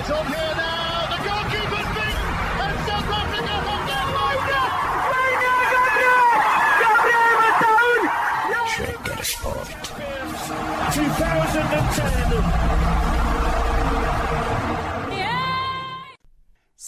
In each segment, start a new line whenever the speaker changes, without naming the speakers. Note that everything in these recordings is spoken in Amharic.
is okay.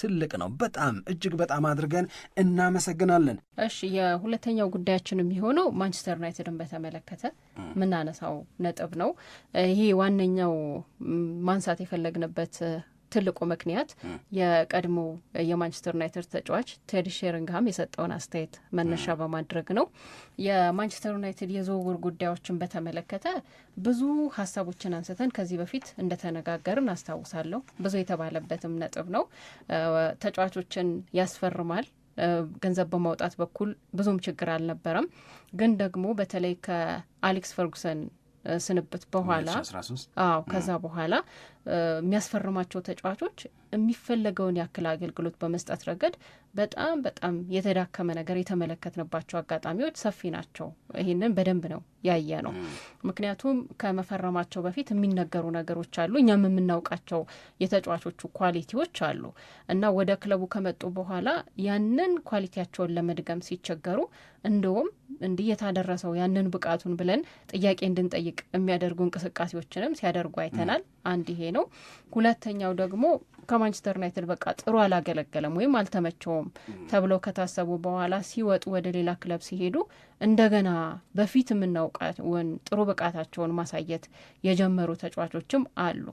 ትልቅ ነው። በጣም እጅግ በጣም አድርገን እናመሰግናለን።
እሺ የሁለተኛው ጉዳያችን የሚሆነው ማንቸስተር ዩናይትድን በተመለከተ የምናነሳው ነጥብ ነው። ይሄ ዋነኛው ማንሳት የፈለግንበት ትልቁ ምክንያት የቀድሞ የማንቸስተር ዩናይትድ ተጫዋች ቴድ ሼሪንግሃም የሰጠውን አስተያየት መነሻ በማድረግ ነው። የማንቸስተር ዩናይትድ የዝውውር ጉዳዮችን በተመለከተ ብዙ ሀሳቦችን አንስተን ከዚህ በፊት እንደተነጋገርን አስታውሳለሁ። ብዙ የተባለበትም ነጥብ ነው። ተጫዋቾችን ያስፈርማል። ገንዘብ በማውጣት በኩል ብዙም ችግር አልነበረም። ግን ደግሞ በተለይ ከአሌክስ ፈርጉሰን ስንብት በኋላ አዎ ከዛ በኋላ የሚያስፈርማቸው ተጫዋቾች የሚፈለገውን ያክል አገልግሎት በመስጠት ረገድ በጣም በጣም የተዳከመ ነገር የተመለከትንባቸው አጋጣሚዎች ሰፊ ናቸው። ይህንን በደንብ ነው ያየ ነው። ምክንያቱም ከመፈረማቸው በፊት የሚነገሩ ነገሮች አሉ፣ እኛም የምናውቃቸው የተጫዋቾቹ ኳሊቲዎች አሉ እና ወደ ክለቡ ከመጡ በኋላ ያንን ኳሊቲያቸውን ለመድገም ሲቸገሩ እንደውም እንዲህ የታደረሰው ያንን ብቃቱን ብለን ጥያቄ እንድንጠይቅ የሚያደርጉ እንቅስቃሴዎችንም ሲያደርጉ አይተናል። አንድ ይሄ ነው። ሁለተኛው ደግሞ ከማንቸስተር ዩናይትድ በቃ ጥሩ አላገለገለም ወይም አልተመቸውም ተብለው ከታሰቡ በኋላ ሲወጡ ወደ ሌላ ክለብ ሲሄዱ እንደገና በፊት የምናውቃውን ጥሩ ብቃታቸውን ማሳየት የጀመሩ ተጫዋቾችም አሉ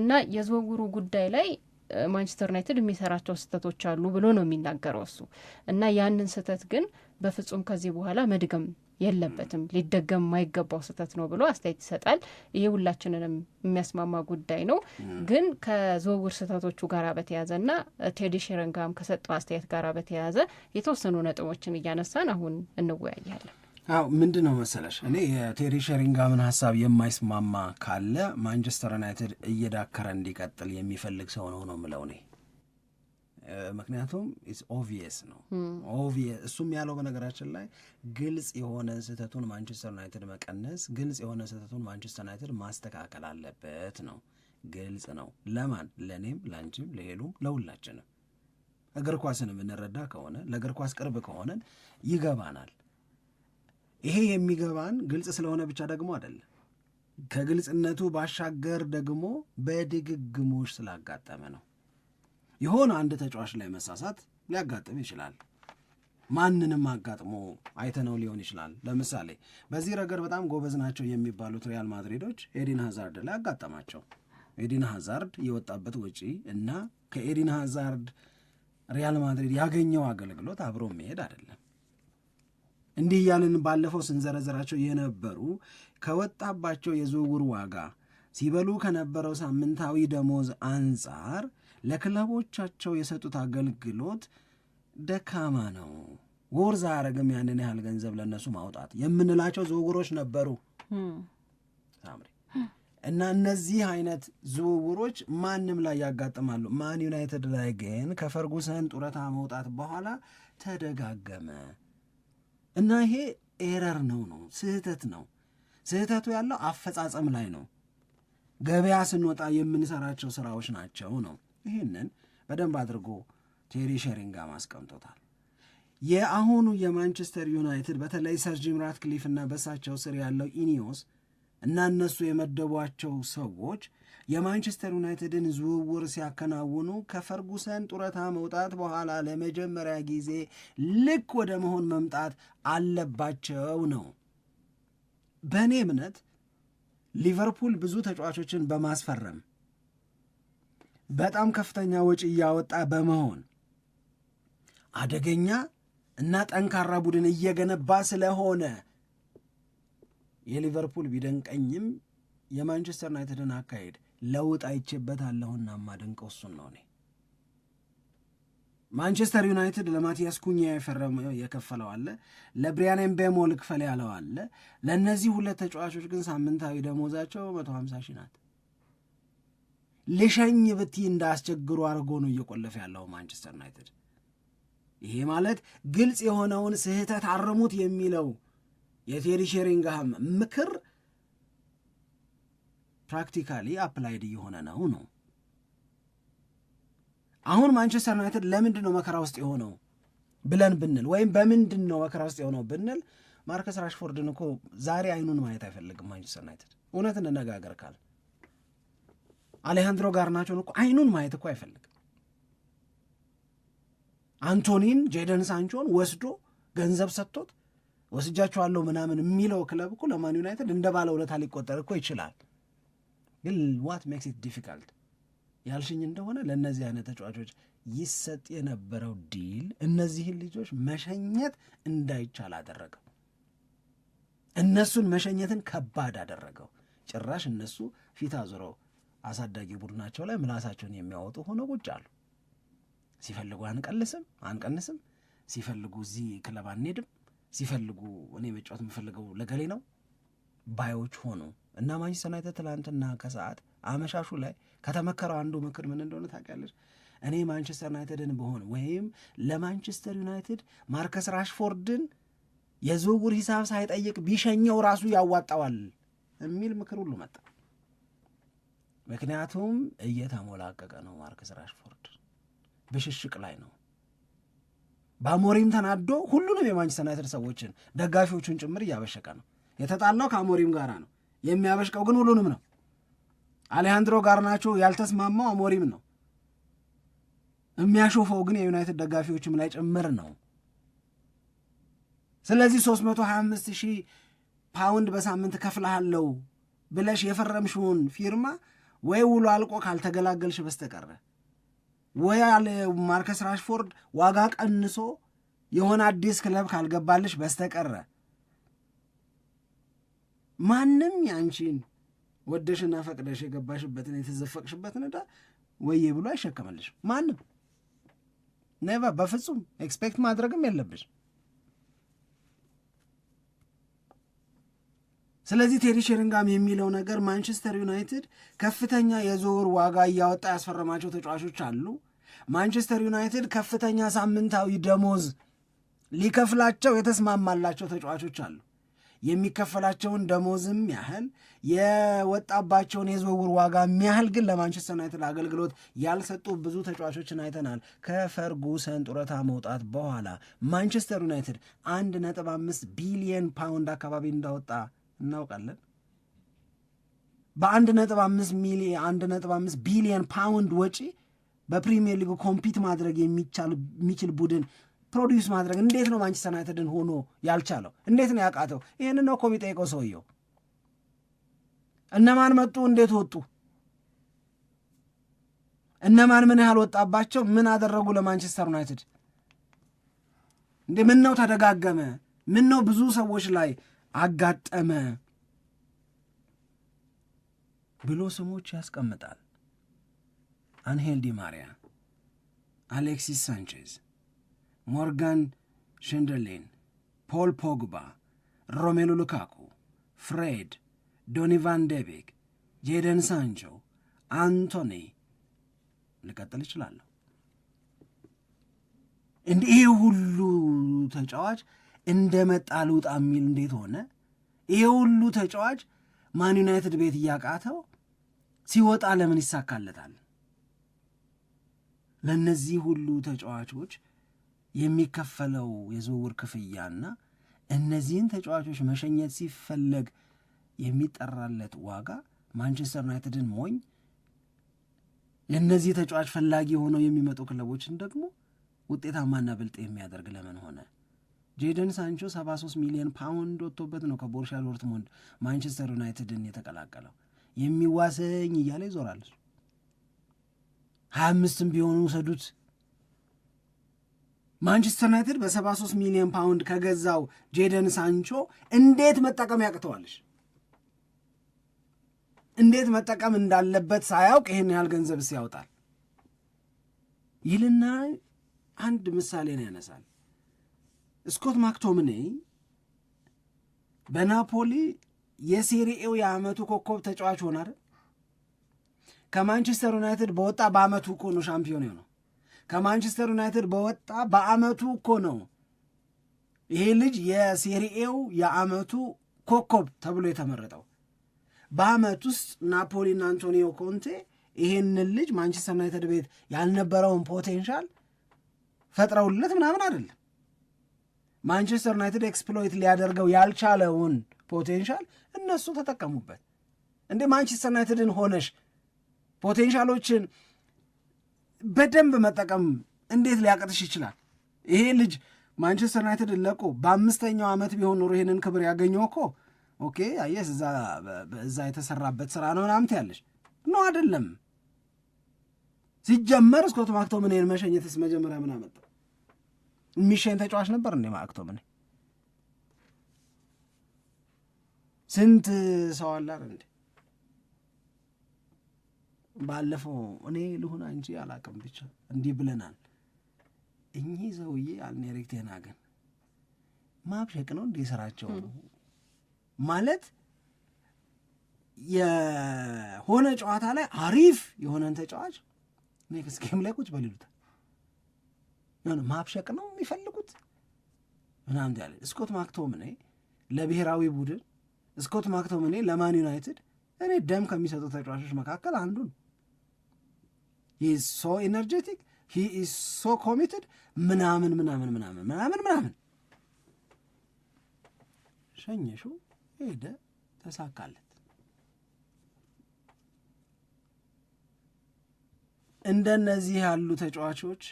እና የዝውውሩ ጉዳይ ላይ ማንቸስተር ዩናይትድ የሚሰራቸው ስህተቶች አሉ ብሎ ነው የሚናገረው እሱ እና ያንን ስህተት ግን በፍጹም ከዚህ በኋላ መድገም የለበትም፣ ሊደገም የማይገባው ስህተት ነው ብሎ አስተያየት ይሰጣል። ይህ ሁላችንንም የሚያስማማ ጉዳይ ነው። ግን ከዝውውር ስህተቶቹ ጋር በተያያዘ ና ቴዲ ሽረንጋም ከሰጠው አስተያየት ጋር በተያያዘ የተወሰኑ ነጥቦችን እያነሳን አሁን እንወያያለን።
አው ምንድን ነው መሰለሽ እኔ የቴሪ ሸሪንጋምን ሀሳብ የማይስማማ ካለ ማንቸስተር ዩናይትድ እየዳከረ እንዲቀጥል የሚፈልግ ሰው ነው ነው ምለው እኔ ምክንያቱም ኦቪየስ ነው ኦቪየስ እሱም ያለው በነገራችን ላይ ግልጽ የሆነ ስህተቱን ማንቸስተር ዩናይትድ መቀነስ፣ ግልጽ የሆነ ስህተቱን ማንቸስተር ዩናይትድ ማስተካከል አለበት ነው። ግልጽ ነው ለማን ለእኔም፣ ለአንቺም፣ ለሄሉም፣ ለሁላችንም። እግር ኳስን የምንረዳ ከሆነ ለእግር ኳስ ቅርብ ከሆነን ይገባናል። ይሄ የሚገባን ግልጽ ስለሆነ ብቻ ደግሞ አይደለም። ከግልጽነቱ ባሻገር ደግሞ በድግግሞሽ ስላጋጠመ ነው። የሆነ አንድ ተጫዋች ላይ መሳሳት ሊያጋጥም ይችላል። ማንንም አጋጥሞ አይተነው ሊሆን ይችላል። ለምሳሌ በዚህ ረገድ በጣም ጎበዝ ናቸው የሚባሉት ሪያል ማድሪዶች ኤዲን ሀዛርድ ላይ አጋጠማቸው። ኤዲን ሀዛርድ የወጣበት ወጪ እና ከኤዲን ሀዛርድ ሪያል ማድሪድ ያገኘው አገልግሎት አብሮ መሄድ አይደለም። እንዲህ እያልን ባለፈው ስንዘረዘራቸው የነበሩ ከወጣባቸው የዝውውር ዋጋ ሲበሉ ከነበረው ሳምንታዊ ደሞዝ አንጻር ለክለቦቻቸው የሰጡት አገልግሎት ደካማ ነው፣ ወርዝ አያረግም ያንን ያህል ገንዘብ ለእነሱ ማውጣት የምንላቸው ዝውውሮች ነበሩ ሳምሪ እና እነዚህ አይነት ዝውውሮች ማንም ላይ ያጋጥማሉ። ማን ዩናይትድ ላይ ግን ከፈርጉሰን ጡረታ መውጣት በኋላ ተደጋገመ እና ይሄ ኤረር ነው ነው ስህተት ነው። ስህተቱ ያለው አፈጻጸም ላይ ነው። ገበያ ስንወጣ የምንሰራቸው ስራዎች ናቸው ነው ይህንን በደንብ አድርጎ ቴሪ ሼሪንጋም አስቀምጦታል። የአሁኑ የማንቸስተር ዩናይትድ በተለይ ሰር ጂም ራትክሊፍ እና በሳቸው ስር ያለው ኢኒዮስ እና እነሱ የመደቧቸው ሰዎች የማንቸስተር ዩናይትድን ዝውውር ሲያከናውኑ ከፈርጉሰን ጡረታ መውጣት በኋላ ለመጀመሪያ ጊዜ ልክ ወደ መሆን መምጣት አለባቸው ነው። በእኔ እምነት ሊቨርፑል ብዙ ተጫዋቾችን በማስፈረም በጣም ከፍተኛ ወጪ እያወጣ በመሆን አደገኛ እና ጠንካራ ቡድን እየገነባ ስለሆነ የሊቨርፑል ቢደንቀኝም የማንቸስተር ዩናይትድን አካሄድ ለውጥ አይቼበታለሁና ማደንቀው እሱን ነው። እኔ ማንቸስተር ዩናይትድ ለማቲያስ ኩኛ የፈረመው የከፈለው አለ፣ ለብሪያን ምቤሞ ልክፈል ያለው አለ። ለእነዚህ ሁለት ተጫዋቾች ግን ሳምንታዊ ደሞዛቸው መቶ ሀምሳ ሺህ ናት። ልሸኝ ብቲ እንዳስቸግሩ አድርጎ ነው እየቆለፈ ያለው ማንቸስተር ዩናይትድ። ይሄ ማለት ግልጽ የሆነውን ስህተት አርሙት የሚለው የቴሪ ሼሪንግሃም ምክር ፕራክቲካሊ አፕላይድ እየሆነ ነው ነው አሁን ማንቸስተር ዩናይትድ ለምንድን ነው መከራ ውስጥ የሆነው ብለን ብንል ወይም በምንድን ነው መከራ ውስጥ የሆነው ብንል ማርከስ ራሽፎርድን እኮ ዛሬ አይኑን ማየት አይፈልግም ማንቸስተር ዩናይትድ እውነት እንነጋገር ካል አሌሃንድሮ ጋርናቾን እኮ አይኑን ማየት እኮ አይፈልግም። አንቶኒን ጄደን ሳንቾን ወስዶ ገንዘብ ሰጥቶት ወስጃቸዋለሁ ምናምን የሚለው ክለብ እኮ ለማን ዩናይትድ እንደ ባለ ውለታ ሊቆጠር እኮ ይችላል። ግን ዋት ሜክስ ኢት ዲፊካልት ያልሽኝ እንደሆነ ለእነዚህ አይነት ተጫዋቾች ይሰጥ የነበረው ዲል እነዚህን ልጆች መሸኘት እንዳይቻል አደረገው። እነሱን መሸኘትን ከባድ አደረገው። ጭራሽ እነሱ ፊት አዙረው አሳዳጊ ቡድናቸው ላይ ምላሳቸውን የሚያወጡ ሆነው ቁጭ አሉ። ሲፈልጉ አንቀልስም አንቀንስም፣ ሲፈልጉ እዚህ ክለብ አንሄድም፣ ሲፈልጉ እኔ መጫወት የምፈልገው ለገሌ ነው ባዮች ሆኑ እና ማንቸስተር ዩናይትድ ትላንትና ከሰዓት አመሻሹ ላይ ከተመከረው አንዱ ምክር ምን እንደሆነ ታውቂያለሽ? እኔ ማንቸስተር ዩናይትድን በሆን ወይም ለማንቸስተር ዩናይትድ ማርከስ ራሽፎርድን የዝውውር ሂሳብ ሳይጠይቅ ቢሸኘው ራሱ ያዋጣዋል የሚል ምክር ሁሉ መጣ። ምክንያቱም እየተሞላቀቀ ነው። ማርክስ ራሽፎርድ ብሽሽቅ ላይ ነው። በአሞሪም ተናዶ ሁሉንም የማንቸስተር ዩናይትድ ሰዎችን ደጋፊዎቹን ጭምር እያበሸቀ ነው። የተጣላው ከአሞሪም ጋር ነው። የሚያበሽቀው ግን ሁሉንም ነው። አሌሃንድሮ ጋር ናቸው ያልተስማማው አሞሪም ነው። የሚያሾፈው ግን የዩናይትድ ደጋፊዎችም ላይ ጭምር ነው። ስለዚህ 325 ሺህ ፓውንድ በሳምንት ከፍልሃለው ብለሽ የፈረምሽውን ፊርማ ወይ ውሎ አልቆ ካልተገላገልሽ በስተቀረ ወይ ማርከስ ራሽፎርድ ዋጋ ቀንሶ የሆነ አዲስ ክለብ ካልገባልሽ በስተቀረ ማንም ያንቺን ወደሽና ፈቅደሽ የገባሽበትን የተዘፈቅሽበትን ዕዳ ወዬ ብሎ አይሸከመልሽም። ማንም ኔቨር፣ በፍጹም ኤክስፔክት ማድረግም የለብሽ። ስለዚህ ቴዲ ሼሪንጋም የሚለው ነገር ማንቸስተር ዩናይትድ ከፍተኛ የዝውውር ዋጋ እያወጣ ያስፈረማቸው ተጫዋቾች አሉ። ማንቸስተር ዩናይትድ ከፍተኛ ሳምንታዊ ደሞዝ ሊከፍላቸው የተስማማላቸው ተጫዋቾች አሉ። የሚከፈላቸውን ደሞዝም ያህል የወጣባቸውን የዝውውር ዋጋ ያህል ግን ለማንቸስተር ዩናይትድ አገልግሎት ያልሰጡ ብዙ ተጫዋቾችን አይተናል። ከፈርጉሰን ጡረታ መውጣት በኋላ ማንቸስተር ዩናይትድ አንድ ነጥብ አምስት ቢሊየን ፓውንድ አካባቢ እንዳወጣ እናውቃለን። በአንድ ነጥብ አምስት ሚሊ አንድ ነጥብ አምስት ቢሊዮን ፓውንድ ወጪ በፕሪሚየር ሊግ ኮምፒት ማድረግ የሚችል ቡድን ፕሮዲውስ ማድረግ እንዴት ነው ማንቸስተር ዩናይትድን ሆኖ ያልቻለው? እንዴት ነው ያቃተው? ይህንን ነው እኮ የሚጠይቀው ሰውየው። እነማን መጡ? እንዴት ወጡ? እነማን ምን ያህል ወጣባቸው? ምን አደረጉ ለማንቸስተር ዩናይትድ? እንዴ ምን ነው ተደጋገመ? ምን ነው ብዙ ሰዎች ላይ አጋጠመ ብሎ ስሞች ያስቀምጣል። አንሄል ዲ ማሪያ፣ አሌክሲስ ሳንቼዝ፣ ሞርጋን ሽንደርሊን፣ ፖል ፖግባ፣ ሮሜሉ ሉካኩ፣ ፍሬድ፣ ዶኒቫን ዴቤክ፣ ጄደን ሳንቾ፣ አንቶኒ ልቀጥል እችላለሁ። እንዲህ ይህ ሁሉ ተጫዋች እንደ መጣ ልውጣ የሚል እንዴት ሆነ? ይሄ ሁሉ ተጫዋች ማን ዩናይትድ ቤት እያቃተው ሲወጣ ለምን ይሳካለታል? ለእነዚህ ሁሉ ተጫዋቾች የሚከፈለው የዝውውር ክፍያና እነዚህን ተጫዋቾች መሸኘት ሲፈለግ የሚጠራለት ዋጋ ማንቸስተር ዩናይትድን ሞኝ፣ የእነዚህ ተጫዋች ፈላጊ ሆነው የሚመጡ ክለቦችን ደግሞ ውጤታማና ብልጥ የሚያደርግ ለምን ሆነ? ጄደን ሳንቾ 73 ሚሊዮን ፓውንድ ወጥቶበት ነው ከቦርሻ ዶርትሞንድ ማንቸስተር ዩናይትድን የተቀላቀለው። የሚዋሰኝ እያለ ይዞራል። ሀያ አምስትም ቢሆኑ ውሰዱት። ማንቸስተር ዩናይትድ በ73 ሚሊዮን ፓውንድ ከገዛው ጄደን ሳንቾ እንዴት መጠቀም ያቅተዋለሽ? እንዴት መጠቀም እንዳለበት ሳያውቅ ይህን ያህል ገንዘብ ሲያወጣል ይልና አንድ ምሳሌ ነው ያነሳል። ስኮት ማክቶምኔ በናፖሊ የሴሪኤው የአመቱ ኮከብ ተጫዋች ሆነ አይደል? ከማንቸስተር ዩናይትድ በወጣ በአመቱ እኮ ነው ሻምፒዮን የሆነው። ከማንቸስተር ዩናይትድ በወጣ በአመቱ እኮ ነው ይሄ ልጅ የሴሪኤው የአመቱ ኮከብ ተብሎ የተመረጠው። በአመት ውስጥ ናፖሊና አንቶኒዮ ኮንቴ ይሄንን ልጅ ማንቸስተር ዩናይትድ ቤት ያልነበረውን ፖቴንሻል ፈጥረውለት ምናምን አይደለም ማንቸስተር ዩናይትድ ኤክስፕሎይት ሊያደርገው ያልቻለውን ፖቴንሻል እነሱ ተጠቀሙበት። እንደ ማንቸስተር ዩናይትድን ሆነሽ ፖቴንሻሎችን በደንብ መጠቀም እንዴት ሊያቅትሽ ይችላል? ይሄ ልጅ ማንቸስተር ዩናይትድ ለቆ በአምስተኛው ዓመት ቢሆን ኖሮ ይህንን ክብር ያገኘው እኮ ኦኬ፣ አየስ እዛ የተሰራበት ስራ ነው ምናምን ትያለሽ። ኖ አይደለም። ሲጀመር ስኮት ማክቶሚናይን መሸኘትስ መጀመሪያ ምን አመጣው? የሚሸኝ ተጫዋች ነበር እንዴ ማክቶምን? ስንት ሰው አላል እንዴ? ባለፈው እኔ ልሁን እንጂ አላቅም ብቻ እንዲህ ብለናል። እኚህ ሰውዬ አልን ኤሪክ ቴን ሃግን ማብሸቅ ነው እንዲህ ስራቸው ማለት የሆነ ጨዋታ ላይ አሪፍ የሆነን ተጫዋች ኔክስት ጌም ላይ ቁጭ በል የሆነ ማብሸቅ ነው የሚፈልጉት ምናምን ያለ ስኮት ማክቶምኔ ለብሔራዊ ቡድን ስኮት ማክቶምኔ ለማን ዩናይትድ እኔ ደም ከሚሰጡ ተጫዋቾች መካከል አንዱ ነው። ሂ ሶ ኢነርጀቲክ ሂ ኢዝ ሶ ኮሚትድ ምናምን ምናምን ምናምን ምናምን ምናምን ሸኘሹ ሄደ ተሳካለት። እንደነዚህ ያሉ ተጫዋቾች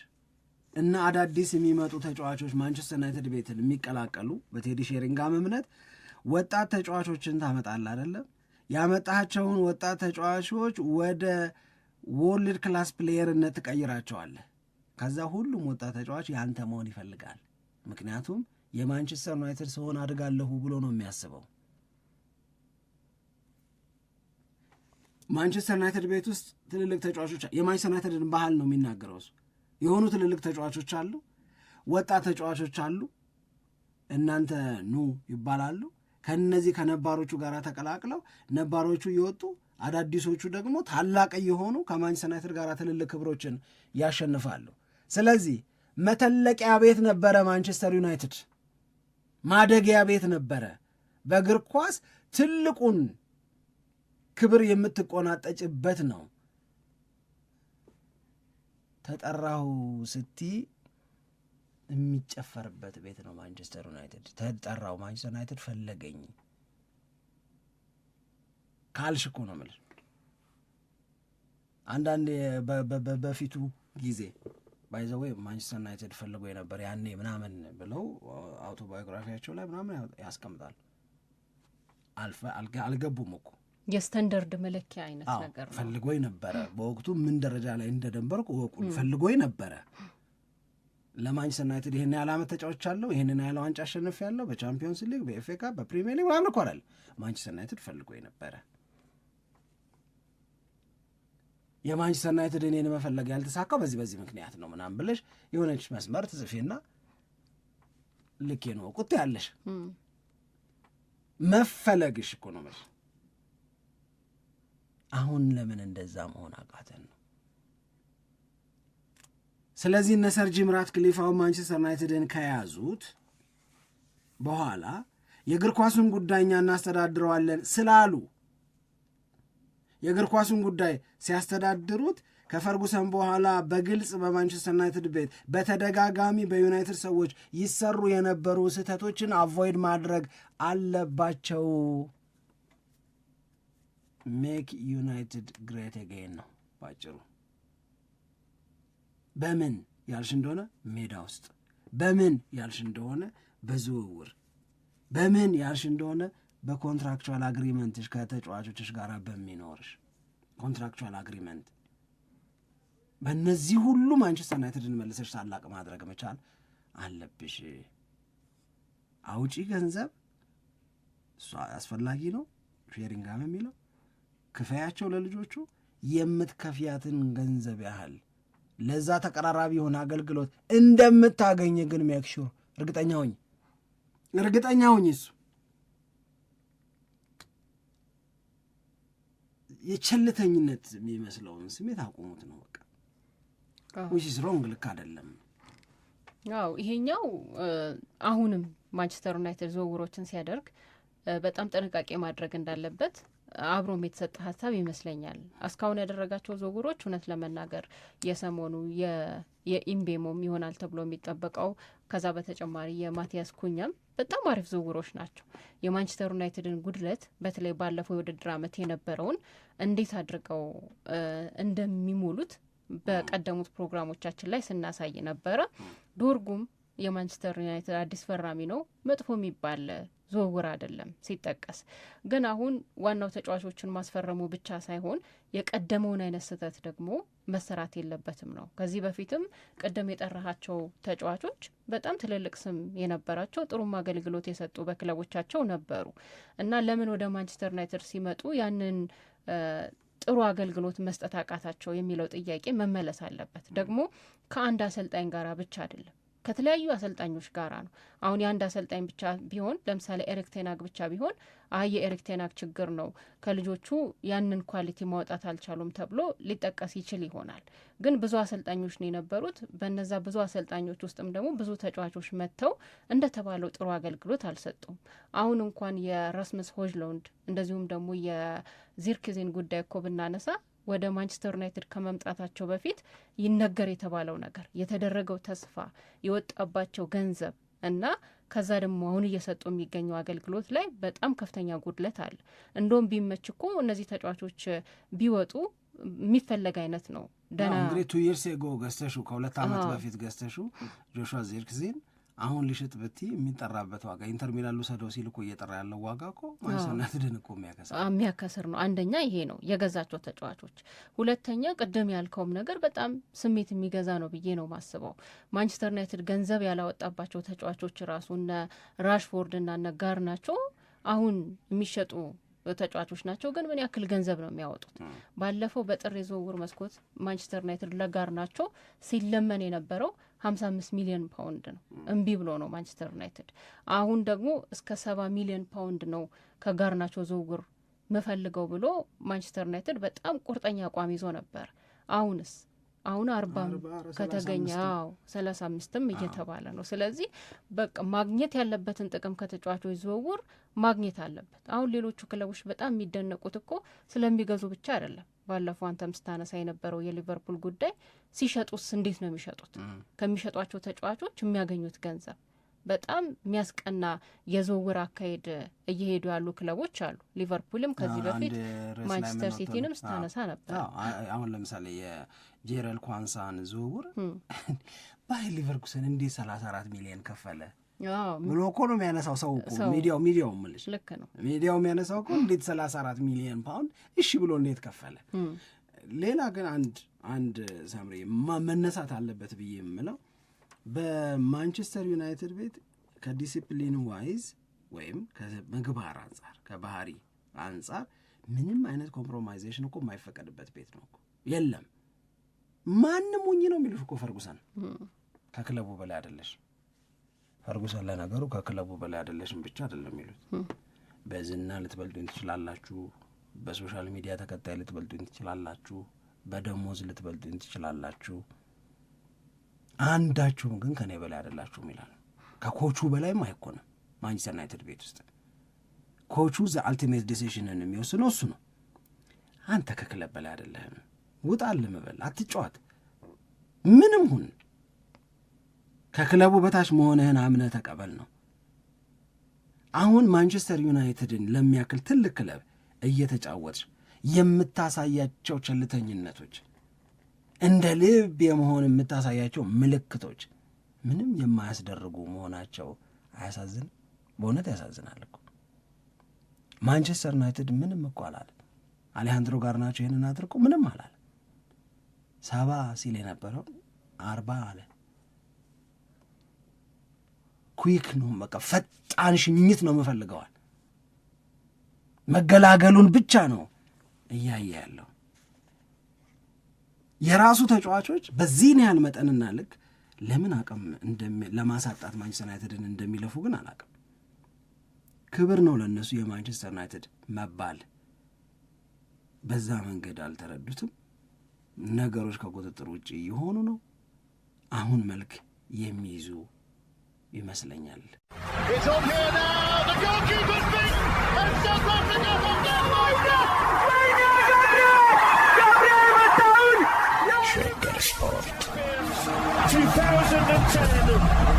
እና አዳዲስ የሚመጡ ተጫዋቾች ማንቸስተር ዩናይትድ ቤትን የሚቀላቀሉ በቴዲ ሼሪንጋም እምነት ወጣት ተጫዋቾችን ታመጣለህ አይደለም። ያመጣቸውን ወጣት ተጫዋቾች ወደ ወርልድ ክላስ ፕሌየርነት ትቀይራቸዋለህ። ከዛ ሁሉም ወጣት ተጫዋች የአንተ መሆን ይፈልጋል። ምክንያቱም የማንቸስተር ዩናይትድ ስሆን አድጋለሁ ብሎ ነው የሚያስበው። ማንቸስተር ዩናይትድ ቤት ውስጥ ትልልቅ ተጫዋቾች የማንቸስተር ዩናይትድን ባህል ነው የሚናገረው እሱ የሆኑ ትልልቅ ተጫዋቾች አሉ፣ ወጣት ተጫዋቾች አሉ። እናንተ ኑ ይባላሉ። ከነዚህ ከነባሮቹ ጋር ተቀላቅለው ነባሮቹ እየወጡ አዳዲሶቹ ደግሞ ታላቅ እየሆኑ ከማንቸስተር ዩናይትድ ጋር ትልልቅ ክብሮችን ያሸንፋሉ። ስለዚህ መተለቂያ ቤት ነበረ ማንቸስተር ዩናይትድ፣ ማደጊያ ቤት ነበረ። በእግር ኳስ ትልቁን ክብር የምትቆናጠጭበት ነው። ተጠራሁ ስቲ የሚጨፈርበት ቤት ነው ማንቸስተር ዩናይትድ። ተጠራው ማንቸስተር ዩናይትድ ፈለገኝ ካልሽ እኮ ነው የምልሽ። አንዳንድ በፊቱ ጊዜ ባይዘዌ ማንቸስተር ዩናይትድ ፈልጎ የነበር ያኔ ምናምን ብለው አውቶባዮግራፊያቸው ላይ ምናምን ያስቀምጣል። አልገቡም እኮ
የስታንዳርድ መለኪያ አይነት
ነገር ፈልጎኝ ነበረ። በወቅቱ ምን ደረጃ ላይ እንደደንበርኩ እወቁን ፈልጎኝ ነበረ። ለማንቸስተር ዩናይትድ ይህን ያህል ዓመት ተጫዎች አለው ይህንን ያህል ዋንጫ አሸንፍ ያለው በቻምፒዮንስ ሊግ፣ በኤፍ ካፕ፣ በፕሪሚየር ሊግ ምናምን እኮ አይደል። ማንቸስተር ዩናይትድ ፈልጎኝ ነበረ። የማንቸስተር ዩናይትድ እኔን መፈለግ ያልተሳካው በዚህ በዚህ ምክንያት ነው ምናምን ብለሽ የሆነች መስመር ትጽፊና ልኬ ነው ቁጥ ያለሽ መፈለግሽ እኮ ነው አሁን ለምን እንደዛ መሆን አቃተን ነው። ስለዚህ እነ ሰር ጂም ራትክሊፍ ማንቸስተር ዩናይትድን ከያዙት በኋላ የእግር ኳሱን ጉዳይ እኛ እናስተዳድረዋለን ስላሉ የእግር ኳሱን ጉዳይ ሲያስተዳድሩት ከፈርጉሰን በኋላ በግልጽ በማንቸስተር ዩናይትድ ቤት በተደጋጋሚ በዩናይትድ ሰዎች ይሰሩ የነበሩ ስህተቶችን አቮይድ ማድረግ አለባቸው። ሜክ ዩናይትድ ግሬት አገይን ነው ባጭሩ። በምን ያልሽ እንደሆነ ሜዳ ውስጥ፣ በምን ያልሽ እንደሆነ በዝውውር፣ በምን ያልሽ እንደሆነ በኮንትራክቹዋል አግሪመንትሽ ከተጫዋቾችሽ ጋር በሚኖርሽ ኮንትራክቹዋል አግሪመንት። በእነዚህ ሁሉ ማንቸስተር ዩናይትድን መልሰሽ ታላቅ ማድረግ መቻል አለብሽ። አውጪ ገንዘብ አስፈላጊ ነው ሼሪንግሃም የሚለው ክፈያቸው ለልጆቹ የምትከፍያትን ገንዘብ ያህል ለዛ ተቀራራቢ የሆነ አገልግሎት እንደምታገኝ ግን ሜክሹር እርግጠኛ ሁኝ እርግጠኛ ሁኝ እሱ የቸልተኝነት የሚመስለውን ስሜት አቁሙት ነው በቃ ዊችስ ሮንግ ልክ አይደለም
አዎ ይሄኛው አሁንም ማንቸስተር ዩናይትድ ዝውውሮችን ሲያደርግ በጣም ጥንቃቄ ማድረግ እንዳለበት አብሮም የተሰጠ ሀሳብ ይመስለኛል። እስካሁን ያደረጋቸው ዝውውሮች እውነት ለመናገር የሰሞኑ የኢምቤሞም ይሆናል ተብሎ የሚጠበቀው ከዛ በተጨማሪ የማቲያስ ኩኛም በጣም አሪፍ ዝውውሮች ናቸው። የማንቸስተር ዩናይትድን ጉድለት በተለይ ባለፈው የውድድር ዓመት የነበረውን እንዴት አድርገው እንደሚሞሉት በቀደሙት ፕሮግራሞቻችን ላይ ስናሳይ ነበረ። ዶርጉም የማንቸስተር ዩናይትድ አዲስ ፈራሚ ነው። መጥፎ የሚባል ዝውውር አይደለም ሲጠቀስ። ግን አሁን ዋናው ተጫዋቾችን ማስፈረሙ ብቻ ሳይሆን የቀደመውን አይነት ስህተት ደግሞ መሰራት የለበትም ነው። ከዚህ በፊትም ቅድም የጠራሃቸው ተጫዋቾች በጣም ትልልቅ ስም የነበራቸው ጥሩም አገልግሎት የሰጡ በክለቦቻቸው ነበሩ እና ለምን ወደ ማንቸስተር ዩናይትድ ሲመጡ ያንን ጥሩ አገልግሎት መስጠት አቃታቸው የሚለው ጥያቄ መመለስ አለበት። ደግሞ ከአንድ አሰልጣኝ ጋር ብቻ አይደለም ከተለያዩ አሰልጣኞች ጋራ ነው። አሁን የአንድ አሰልጣኝ ብቻ ቢሆን ለምሳሌ ኤሪክ ቴናግ ብቻ ቢሆን አይ የኤሪክ ቴናግ ችግር ነው ከልጆቹ ያንን ኳሊቲ ማውጣት አልቻሉም ተብሎ ሊጠቀስ ይችል ይሆናል። ግን ብዙ አሰልጣኞች ነው የነበሩት። በነዛ ብዙ አሰልጣኞች ውስጥም ደግሞ ብዙ ተጫዋቾች መጥተው እንደተባለው ጥሩ አገልግሎት አልሰጡም። አሁን እንኳን የራስመስ ሆጅሎንድ እንደዚሁም ደግሞ የዚርክዜን ጉዳይ እኮ ብናነሳ ወደ ማንቸስተር ዩናይትድ ከመምጣታቸው በፊት ይነገር የተባለው ነገር የተደረገው ተስፋ የወጣባቸው ገንዘብ እና ከዛ ደግሞ አሁን እየሰጡ የሚገኘው አገልግሎት ላይ በጣም ከፍተኛ ጉድለት አለ። እንደውም ቢመች እኮ እነዚህ ተጫዋቾች ቢወጡ የሚፈለግ አይነት ነው።
ደህና እንግዲህ ቱ ይርስ ጎ ገዝተሹ ከሁለት አመት በፊት ገዝተሹ ጆሹዋ ዚርክዚን አሁን ሊሸጥ ብቲ የሚጠራበት ዋጋ ኢንተር ሚላን ልውሰደው ሲል እኮ እየጠራ ያለው ዋጋ እኮ ማንሰናት እኮ
የሚያከስር ነው። አንደኛ ይሄ ነው የገዛቸው ተጫዋቾች። ሁለተኛ ቅድም ያልከውም ነገር በጣም ስሜት የሚገዛ ነው ብዬ ነው ማስበው። ማንቸስተር ዩናይትድ ገንዘብ ያላወጣባቸው ተጫዋቾች ራሱ እነ ራሽፎርድ እና እነ ናቸው አሁን የሚሸጡ ተጫዋቾች ናቸው። ግን ምን ያክል ገንዘብ ነው የሚያወጡት? ባለፈው በጥር የዝውውር መስኮት ማንቸስተር ዩናይትድ ለጋር ናቸው ሲለመን የነበረው ሀምሳ አምስት ሚሊዮን ፓውንድ ነው። እምቢ ብሎ ነው ማንቸስተር ዩናይትድ። አሁን ደግሞ እስከ ሰባ ሚሊዮን ፓውንድ ነው ከጋር ናቸው ዝውውር መፈልገው ብሎ ማንቸስተር ዩናይትድ በጣም ቁርጠኛ አቋም ይዞ ነበር። አሁንስ አሁን አርባም ከተገኘ ሰላሳ አምስትም እየተባለ ነው። ስለዚህ በቃ ማግኘት ያለበትን ጥቅም ከተጫዋቾች ዝውውር ማግኘት አለበት። አሁን ሌሎቹ ክለቦች በጣም የሚደነቁት እኮ ስለሚገዙ ብቻ አይደለም። ባለፈው አንተም ስታነሳ የነበረው የሊቨርፑል ጉዳይ ሲሸጡስ እንዴት ነው የሚሸጡት? ከሚሸጧቸው ተጫዋቾች የሚያገኙት ገንዘብ በጣም የሚያስቀና የዝውውር አካሄድ እየሄዱ ያሉ ክለቦች አሉ። ሊቨርፑልም ከዚህ በፊት ማንቸስተር ሲቲንም ስታነሳ ነበር።
አሁን ለምሳሌ የጄረል ኳንሳን ዝውውር ባየር ሊቨርኩሰን እንዴት ሰላሳ አራት ሚሊዮን ከፈለ ብሎ እኮ ነው የሚያነሳው ሰው እኮ ሚዲያው ሚዲያው ምልሽ ልክ ነው። ሚዲያው የሚያነሳው እኮ እንዴት ሰላሳ አራት ሚሊዮን ፓውንድ እሺ ብሎ እንዴት ከፈለ? ሌላ ግን አንድ አንድ ሳምሪ መነሳት አለበት ብዬ የምለው በማንቸስተር ዩናይትድ ቤት ከዲሲፕሊን ዋይዝ ወይም ከምግባር አንጻር ከባህሪ አንጻር ምንም አይነት ኮምፕሮማይዜሽን እኮ የማይፈቀድበት ቤት ነው። የለም ማንም ሙኝ ነው የሚሉሽ እኮ ፈርጉሰን ከክለቡ በላይ አደለሽ። ፈርጉሰን ለነገሩ ከክለቡ በላይ አይደለሽም ብቻ አይደለም የሚሉት። በዝና ልትበልጡኝ ትችላላችሁ፣ በሶሻል ሚዲያ ተከታይ ልትበልጡኝ ትችላላችሁ፣ በደሞዝ ልትበልጡኝ ትችላላችሁ አንዳችሁም ግን ከኔ በላይ አይደላችሁም ይላል። ከኮቹ በላይም አይኮንም። ማንቸስተር ዩናይትድ ቤት ውስጥ ኮቹ ዘ አልቲሜት ዲሲሽንን የሚወስነው እሱ ነው። አንተ ከክለብ በላይ አይደለህም፣ ውጣ ልምበል፣ አትጫዋት፣ ምንም ሁን፣ ከክለቡ በታች መሆንህን አምነህ ተቀበል ነው። አሁን ማንቸስተር ዩናይትድን ለሚያክል ትልቅ ክለብ እየተጫወትሽ የምታሳያቸው ቸልተኝነቶች እንደ ልብ የመሆን የምታሳያቸው ምልክቶች ምንም የማያስደርጉ መሆናቸው አያሳዝንም? በእውነት ያሳዝናል እኮ ማንቸስተር ዩናይትድ ምንም እኮ አላለ። አሌሃንድሮ ጋር ናቸው ይህንን አድርጎ ምንም አላለ። ሰባ ሲል የነበረው አርባ አለ። ኩክ ነው በቃ ፈጣን ሽኝት ነው የምፈልገዋል። መገላገሉን ብቻ ነው እያየ ያለው። የራሱ ተጫዋቾች በዚህን ያህል መጠንና ልክ ለምን አቅም ለማሳጣት ማንቸስተር ዩናይትድን እንደሚለፉ ግን አላቅም። ክብር ነው ለእነሱ የማንቸስተር ዩናይትድ መባል። በዛ መንገድ አልተረዱትም። ነገሮች ከቁጥጥር ውጭ የሆኑ ነው አሁን መልክ የሚይዙ ይመስለኛል። Sport. 2010.